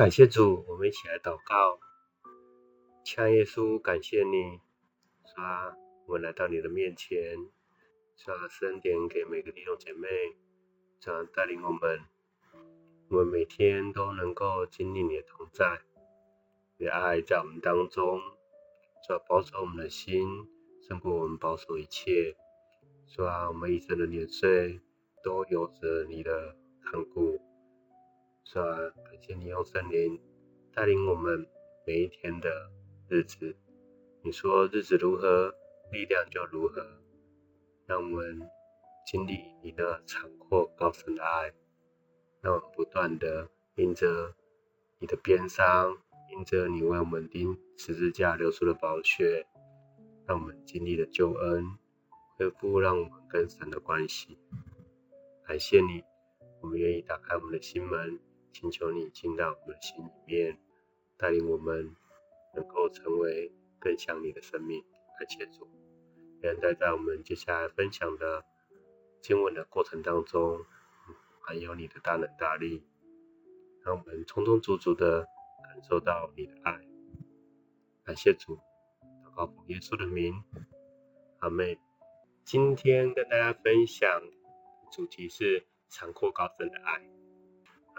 感謝主，我們一起來禱告，親愛的耶穌，感謝你，主啊，我們來到你的面前，主啊，施恩典給每個弟兄姐妹，主啊，帶領我們，我們每天都能夠經歷你的同在，你的愛在我們當中，主啊，保守我們的心，勝過我們保守一切，主啊，我們一生的年歲都有着你的看顧。主啊，感謝你用聖靈帶領我們每一天的日子。你說日子如何，力量就如何。讓我們經歷你的長闊高深的愛，讓我們不斷的印着你的鞭傷，印着你為我們釘十字架流出的寶血，讓我們經歷了救恩，恢復讓我們跟神的關係。感、嗯、謝你，我們願意打開我們的心門。請求你進到我們的心裡面，帶領我們能夠成為更像你的生命。感謝,謝主，願待在我們接下來分享的經文的過程當中，還有你的大能大力，讓我們充充足足的感受到你的愛。感謝,謝主，禱告耶穌的名。阿們，今天跟大家分享的主題是長闊高深的愛。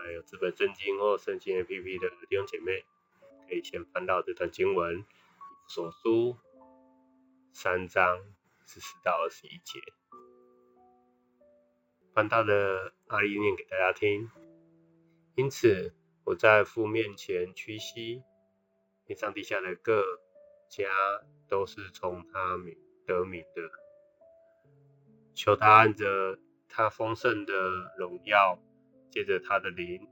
還有自備聖經或聖經 APP 的弟兄姐妹，可以先翻到這段經文，所書三章十四到二十一節。翻到了，二一念給大家聽。因此，我在父面前屈膝，天上地下的各家都是從他得名的，求他按着他豐盛的榮耀。借着他的靈，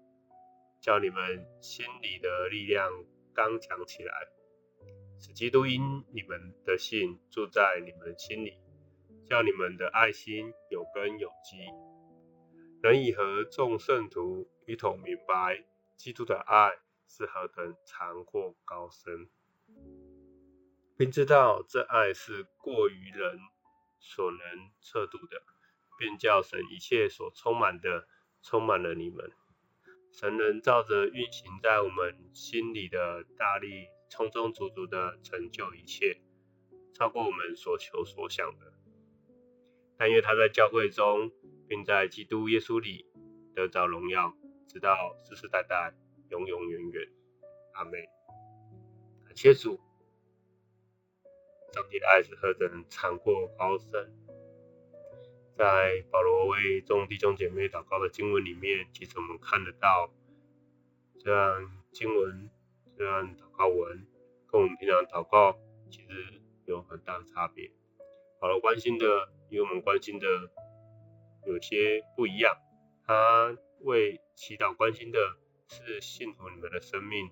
叫你們心裡的力量剛強起來，使基督因你們的信住在你們心裡，叫你們的愛心有根有基，能以和眾聖徒一同明白基督的愛是何等長闊高深，並知道這愛是過於人所能測度的，便叫神一切所充滿的。充滿了你們，神能照着運行在我們心裡的大力，充充足足的成就一切，超過我們所求所想的。但願他在教會中，並在基督耶穌裡得着榮耀，直到世世代代，永永遠遠。阿門，感謝主，上帝的愛是何等長闊高深。在保羅為眾弟兄姐妹禱告的經文裡面，其實我們看得到，這樣經文，這樣禱告文，跟我們平常禱告其實有很大的差別。保羅關心的，與我們關心的有些不一樣，他為祈禱關心的是信徒你們的生命，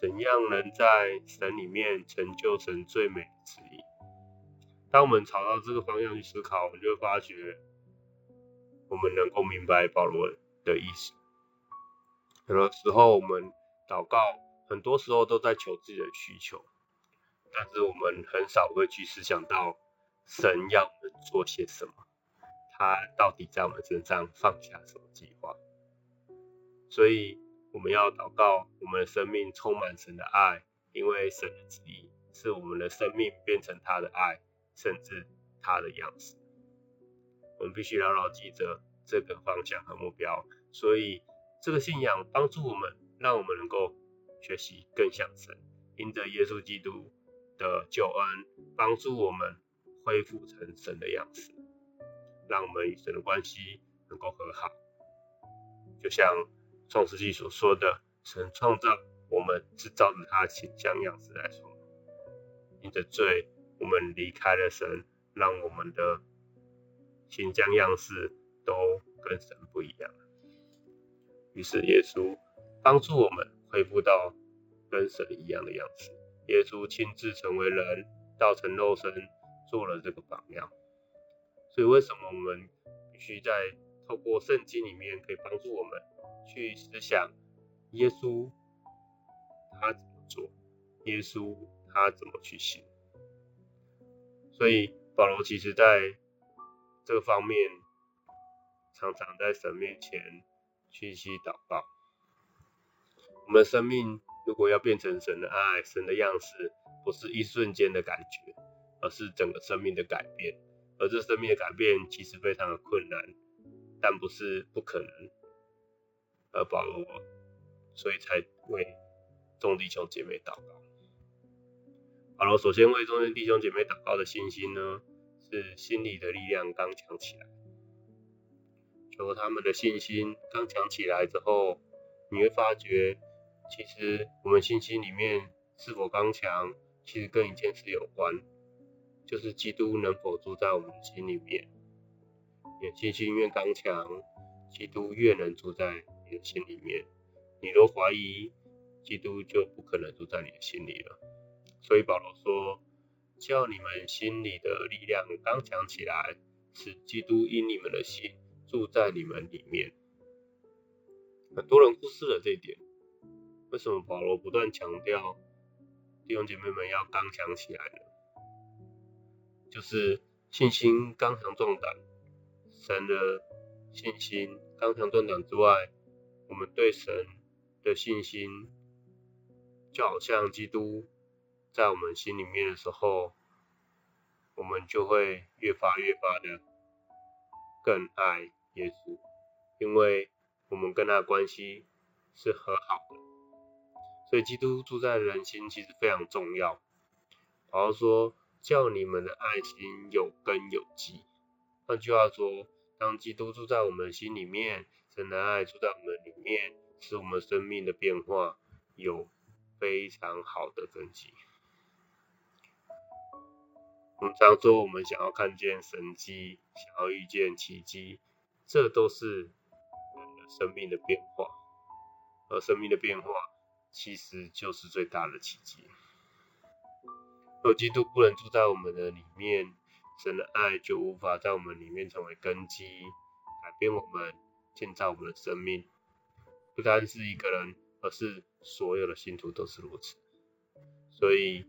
怎樣能在神裡面成就神最美。當我們朝到這個方向去思考，我們就會發覺，我們能夠明白保羅的意思。很多時候，我們禱告，很多時候都在求自己的需求，但是我們很少會去思想到神要我們做些什麼，他到底在我們身上放下什麼計劃？所以，我們要禱告，我們的生命充滿神的愛，因為神的旨意是我們的生命變成他的愛。甚至他的樣子，我們必須牢牢記着這個方向和目標。所以，這個信仰幫助我們，讓我們能夠學習更像神，因着耶穌基督的救恩，幫助我們恢復成神的樣子，讓我們與神的關係能夠和好。就像創世記所說的，神創造我們，製造了他的形象樣子來說，因著罪。我們離開了神，讓我們的心境樣式都跟神不一樣。於是耶穌幫助我們恢復到跟神一樣的樣式。耶穌親自成為人，道成肉身，做了這個榜樣。所以為什麼我們必須在透過聖經裡面可以幫助我們去思想耶穌他怎麼做，耶穌他怎麼去行？所以保羅其實在這個方面常常在神面前屈膝禱告。我們生命如果要變成神的愛、神的樣式，不是一瞬間的感覺，而是整個生命的改變。而這生命的改變其實非常的困難，但不是不可能。而保羅所以才為眾弟兄姐妹禱告。好了，首先為眾弟兄姐妹禱告的信心呢，是心裡的力量剛強起來。求他們的信心剛強起來之後，你會發覺，其實我們信心裡面是否剛強，其實跟一件事有關，就是基督能否住在我們的心裡面。你的信心越剛強，基督越能住在你的心裡面。你若懷疑，基督就不可能住在你的心裡了。所以保羅說：“叫你們心裡的力量剛強起來，使基督因你們的心住在你們裡面。”很多人忽視了這一點。為什麼保羅不斷強調弟兄姐妹們要剛強起來呢？就是信心剛強壯膽。神的信心剛強壯膽之外，我們對神的信心，就好像基督。在我們心裡面的時候，我們就會越發越發的更愛耶穌，因為我們跟他的關係是和好的。所以基督住在人心其實非常重要。保羅說：“叫你們的愛心有根有基。”換句話說，當基督住在我們心裡面，神的愛住在我們裡面，使我們生命的變化有非常好的根基。我們常說，我們想要看見神蹟，想要遇見奇蹟，這都是我們的生命的變化。而生命的變化，其實就是最大的奇蹟。若基督不能住在我們的裡面，神的愛就無法在我們裡面成為根基，改變我們，建造我們的生命。不單是一個人，而是所有的信徒都是如此。所以，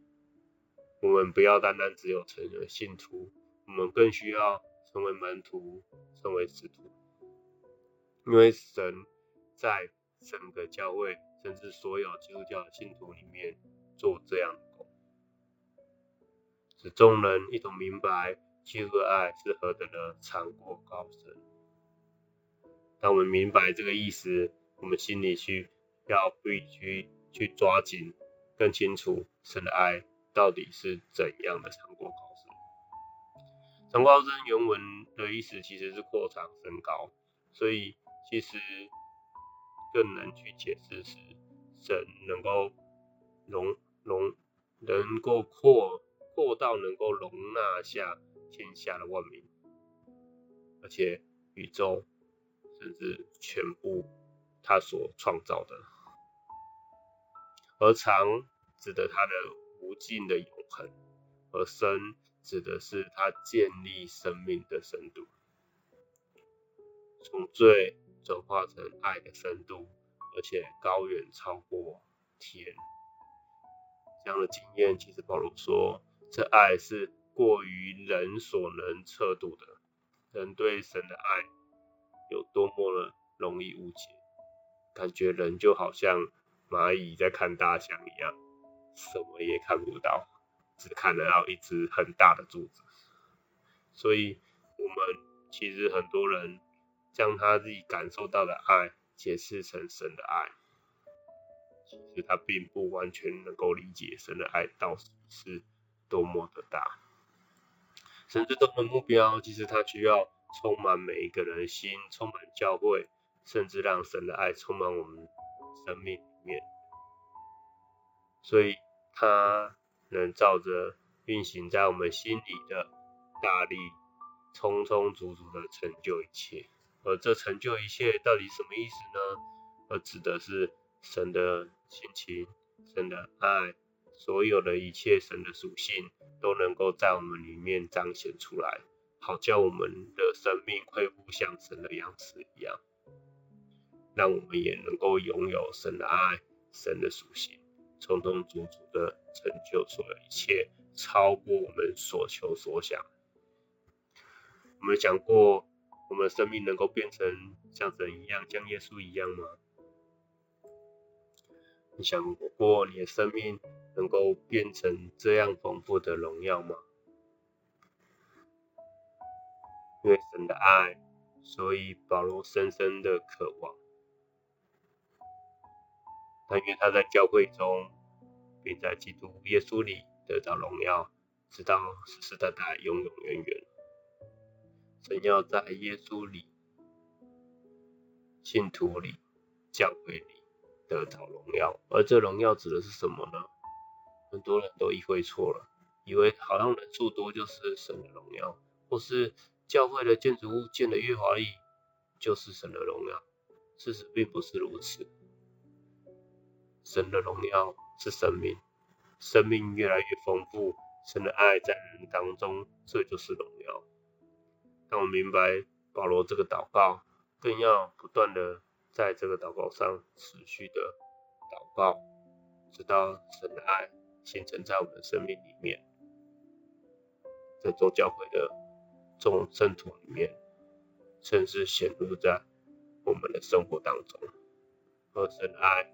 我們不要單單只有成為信徒，我們更需要成為門徒，成為使徒，因為神在整個教會，甚至所有基督教的信徒裡面做這樣的，使眾人一同明白，基督的愛是何等的長闊高深。當我們明白這個意思，我們心裡需要必須去抓緊，更清楚神的愛。到底是怎樣的長闊高深？長闊高深原文的意思其實是擴長升高，所以其實更難去解釋是神能夠容容，能夠擴擴到能夠容納下天下的萬民，而且宇宙甚至全部他所創造的，而長指得他的。性的永恆，而深指的是他建立生命的深度，從罪轉化成愛的深度，而且高遠超過天。這樣的經驗，其實保羅說，這愛是過於人所能測度的。人對神的愛有多麼的容易誤解，感覺人就好像螞蟻在看大象一樣。什麼也看不到，只看得到一支很大的柱子。所以，我們其實很多人將他自己感受到的愛解釋成神的愛，其實他並不完全能夠理解神的愛到底是多麼的大。神最終的目標，其實他需要充滿每一個人心，充滿教會，甚至讓神的愛充滿我們生命裡面。所以。它能照着運行在我們心裡的大力，充充足足的成就一切。而這成就一切到底什麼意思呢？而指的是神的心情、神的愛，所有的一切神的屬性，都能夠在我們裡面彰顯出來，好叫我們的生命恢復像神的樣子一樣，讓我們也能夠擁有神的愛、神的屬性。充充足足的成就所有一切，超過我們所求所想。有有想我們講過，我們的生命能夠變成像神一樣，像耶穌一樣嗎？你想過，過你的生命能夠變成這樣豐富的榮耀嗎？因為神的愛，所以保羅深深的渴望。但願他在教會中，並在基督耶穌裡得到榮耀，直到世世代代永永遠遠。神要在耶穌裡、信徒裡、教會裡得到榮耀，而這榮耀指的是什麼呢？很多人都意會錯了，以為好像人數多就是神的榮耀，或是教會的建築物建的越華麗就是神的榮耀。事實並不是如此。神的榮耀是生命，生命越來越豐富，神的愛在人當中，這就是榮耀。但我明白保羅這個禱告，更要不斷的在這個禱告上持續的禱告，直到神的愛形成在我們的生命裡面，在眾教會的眾聖徒裡面，甚至顯露在我們的生活當中，和神的愛。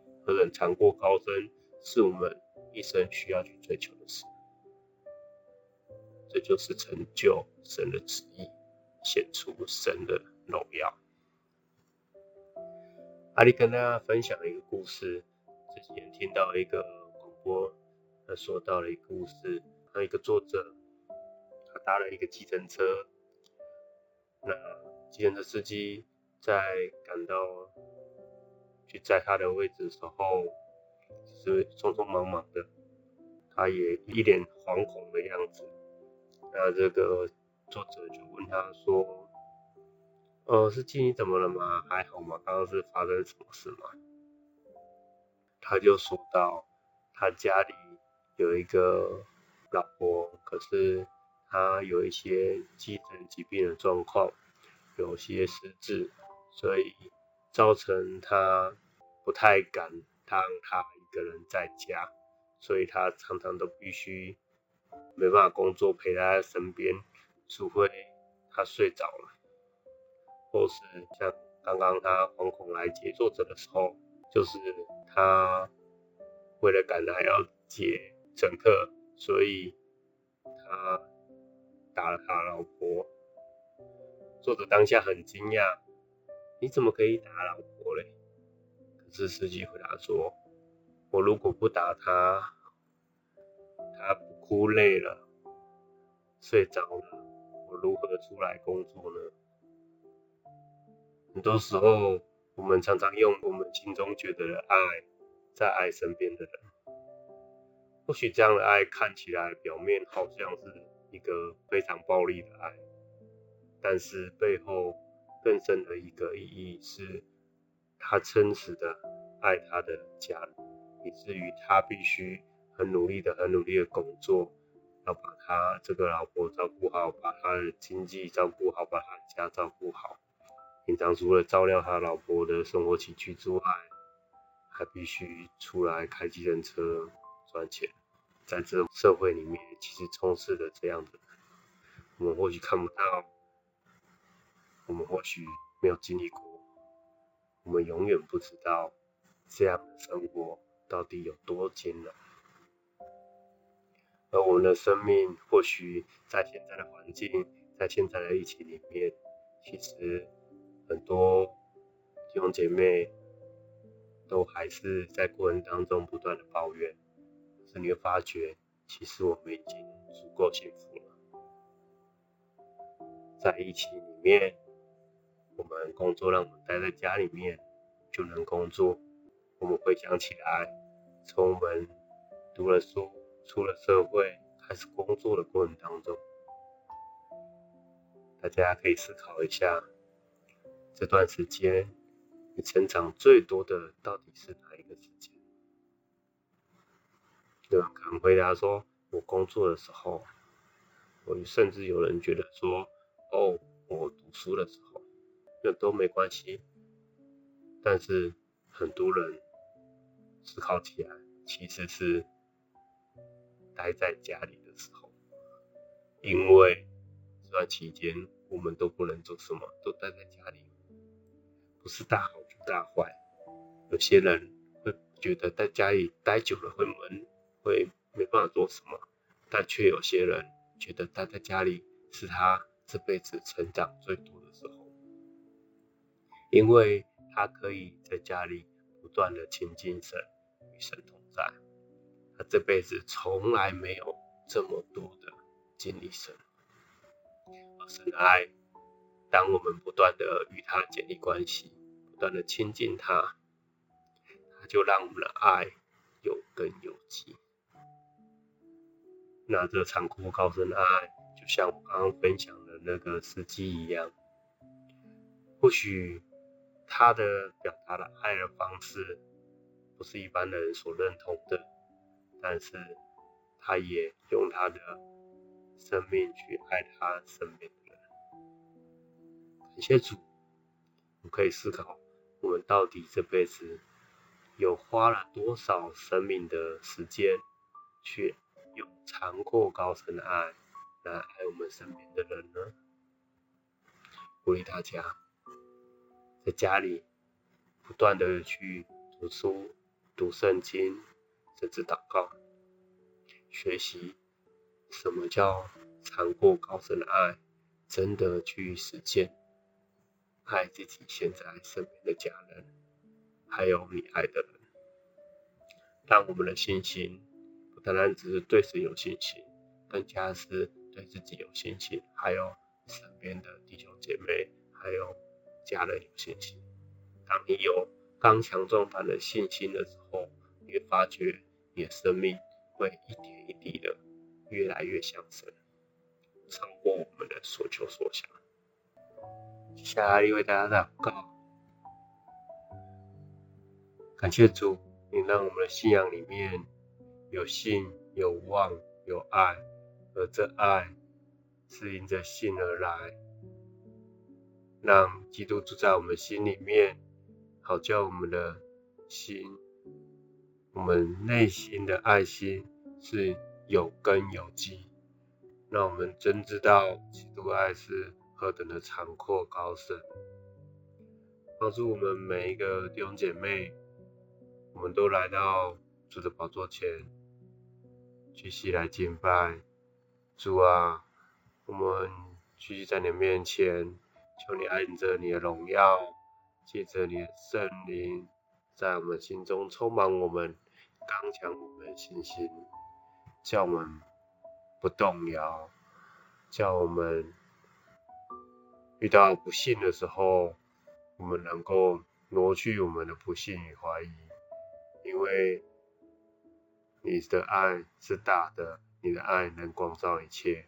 長闊高深，是我們一生需要去追求的事。這就是成就神的旨意，顯出神的榮耀。阿力跟大家分享了一個故事，前幾年聽到一個廣播，他說到了一個故事，他一個作者，他搭了一個計程車，那計程車司機在感到。就在他的位置的時候，是匆匆忙忙的，他也一臉惶恐的樣子。那這個作者就問他說：“呃，是靜怡怎麼了嗎？還好嗎？剛剛是，是發生什麼事嗎？”他就說到，他家裡有一個老婆，可是她有一些精神疾病的狀況，有些失智，所以。造成他不太敢當他一個人在家，所以他常常都必須沒辦法工作陪他在身邊，除非他睡着了，或是像剛剛他惶恐來接作者的時候，就是他為了趕來要接乘客，所以他打了他老婆。作者當下很驚訝。你怎麼可以打老婆嘞？可是司機回答說：“我如果不打她，她哭累了，睡着了，我如何出來工作呢？”很多時候，哦、我們常常用我們心中覺得的愛，在愛身邊的人。或許這樣的愛看起來表面好像是一個非常暴力的愛，但是背後……更深的一個意義是，他真實的愛他的家人，以至於他必須很努力的、很努力的工作，要把他這個老婆照顧好，把他的經濟照顧好，把他家照顧好。平常除了照料他老婆的生活起居之外，還必須出來開計程車賺錢。在這社會裡面，其實充斥着這樣的，我們或許看不到。我們或許沒有經歷過，我們永遠不知道這樣的生活到底有多艱難。而我們的生命或許在現在的環境，在現在的疫情裡面，其實很多弟兄姐妹都還是在過程當中不斷的抱怨，可是你會發覺，其實我們已經足夠幸福了，在疫情裡面。我們工作，讓我們待在家裡面就能工作。我們回想起來，從我們讀了書、出了社會開始工作的過程當中，大家可以思考一下，這段時間你成長最多的到底是哪一個時間？對吧，可能回答說：“我工作的時候。”，我甚至有人覺得說：“哦，我讀書的時候。”這都沒關係，但是很多人思考起來，其實是待在家裡的時候，因為這段期間我們都不能做什麼，都待在家裡，不是大好就大壞。有些人會覺得在家裡待久了會悶，會沒辦法做什麼，但卻有些人覺得待在家裡是他這輩子成長最多。因為他可以在家裡不斷的親近神，與神同在，他這輩子從來沒有這麼多的經歷神，而神的愛，當我們不斷的與他建立關係，不斷的親近他，他就讓我們的愛有根有基，那這長闊高深的愛，就像我剛剛分享的那個司機一樣，或許。他的表達的愛的方式不是一般人所認同的，但是他也用他的生命去愛他身邊的人。感謝、嗯、主，我們可以思考，我們到底這輩子有花了多少生命的時間，去用長闊高深的愛來愛我們身邊的人呢？鼓勵大家。在家裡不斷的去讀書、讀聖經、甚至禱告，學習什麼叫長闊高深的愛，真的去實踐愛自己、現在身邊的家人，還有你愛的人，但我們的信心，不單單只是對神有信心，更加是對自己有信心，還有身邊的弟兄姐妹，還有。家人有信心。當你有剛強壯膽的信心的時候，你會發覺你的生命會一點一滴的越來越向上，超過我們的所求所想。接下來為大家禱告，感謝主，你讓我們的信仰裡面有信、有望、有愛，而這愛是因着信而來。讓基督住在我們心裡面，好叫我們的心，我們內心的愛心是有根有基。讓我們真知道基督愛是何等的長闊高深，幫助我們每一個弟兄姐妹，我們都來到主的寶座前，屈膝來敬拜主啊！我們聚集在你面前。求你愛你着你的榮耀，借着你的聖靈，在我們心中充滿我們，剛強我們的信心，叫我們不動搖，叫我們遇到不幸的時候，我們能夠挪去我們的不幸與懷疑，因為你的愛是大的，你的愛能光照一切，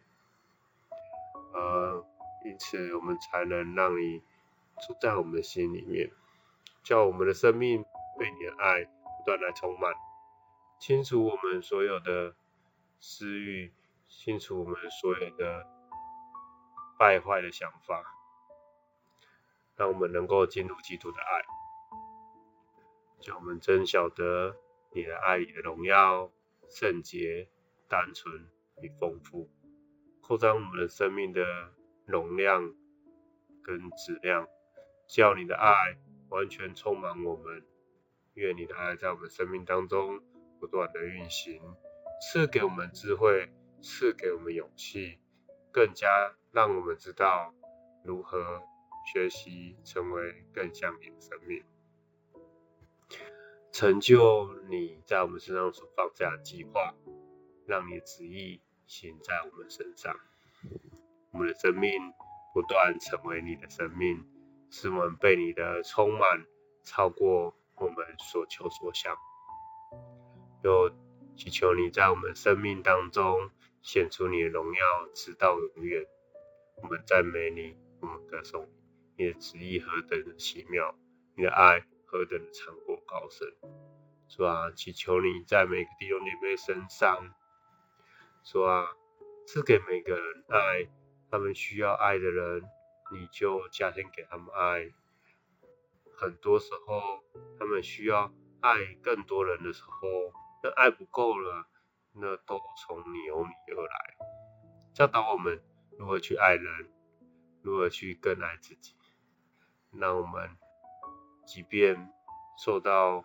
而、呃。因此，我們才能讓你住在我們的心裡面，叫我們的生命被你的愛不斷來充滿，清除我們所有的私慾，清除我們所有的敗壞的想法，讓我們能夠進入基督的愛，叫我們真曉得你的愛，你的榮耀、聖潔、單純與豐富，擴張我們的生命的。容量跟質量，叫你的愛完全充滿我們，願你的愛在我們生命當中不斷的運行，賜給我們智慧，賜給我們勇氣，更加讓我們知道如何學習成為更像你的生命，成就你在我們身上所放下的計劃，讓你的旨意行在我們身上。我們的生命不斷成為你的生命，使我們被你的充滿超過我們所求所想。又祈求你在我們的生命當中顯出你的榮耀，直到永遠。我們讚美你，我們歌頌你。你的旨意何等的奇妙，你的愛何等的長闊高深。主啊，祈求你在每個弟兄姊妹身上，主啊，賜給每個人愛。他們需要愛的人，你就加添給他們愛。很多時候，他們需要愛更多人的時候，那愛不夠了，那都從你由你而來。教導我們如何去愛人，如何去更愛自己，讓我們即便受到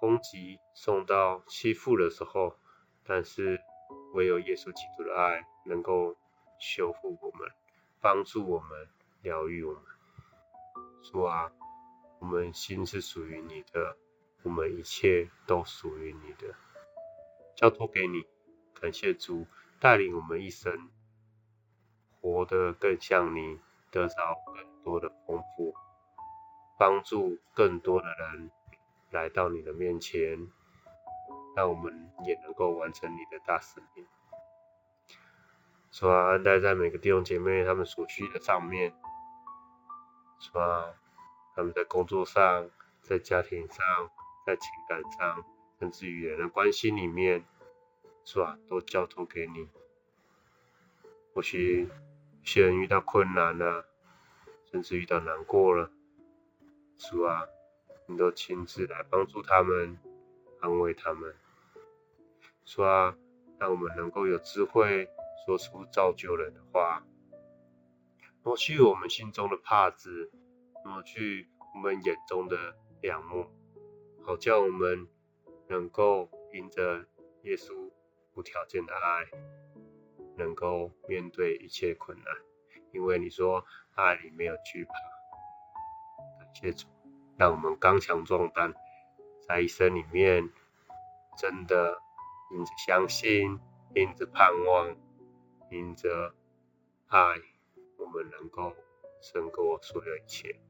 攻擊、受到欺負的時候，但是唯有耶穌基督的愛能夠。修復我們，幫助我們，療癒我們。主啊，我們心是屬於你的，我們一切都屬於你的，交托給你。感謝主帶領我們一生，活得更像你，得到更多的豐富，幫助更多的人來到你的面前，讓我們也能夠完成你的大使命。說啊，安待在每個弟兄姐妹他們所需的上面，說啊，他們在工作上、在家庭上、在情感上，甚至於人的關係裡面，說啊，都交托給你。或許有些人遇到困難了，甚至遇到難過了，說啊，你都親自來幫助他們，安慰他們，說啊，讓我們能夠有智慧。說出造就人的話，抹去我們心中的帕子，抹去我們眼中的仰慕，好叫我們能夠迎着耶穌無條件的愛，能夠面對一切困難。因為你說愛裡沒有懼怕，感謝主，讓我們剛強壯膽，在一生裡面真的迎着相信，迎着盼望。因着愛，我們能夠勝過所有一切。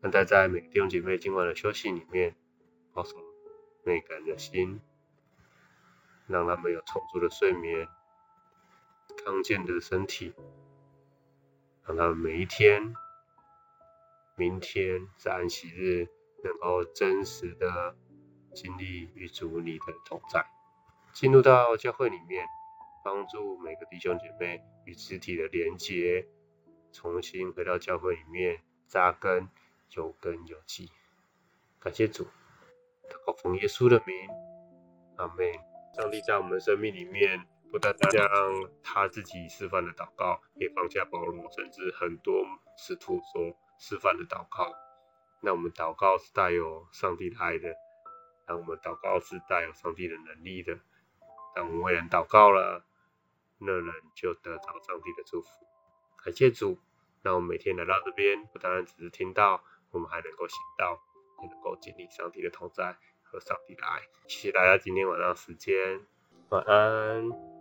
但待在，在每個弟兄姐妹今晚的休息裡面，放鬆美感的心，讓他們有充足的睡眠，康健的身體，讓他們每一天，明天是安息日，能夠真實的經歷與主你的同在，進入到教會裡面。幫助每個弟兄姐妹與肢體的連接，重新回到教會裡面扎根，有根有基。感謝主，禱告奉耶穌的名，阿門。上帝在我們的生命裡面，不單單將他自己示範的禱告，也放下保羅，甚至很多使徒所示範的禱告。那我們禱告是帶有上帝的愛的，那我們禱告是帶有上帝的能力的，但我們為人禱告了，那人就得到上帝的祝福，感謝主。那我們每天來到這邊，不單單只是聽到，我們還能夠行到，也能夠經歷上帝的同在和上帝的愛。謝謝大家今天晚上時間，晚安。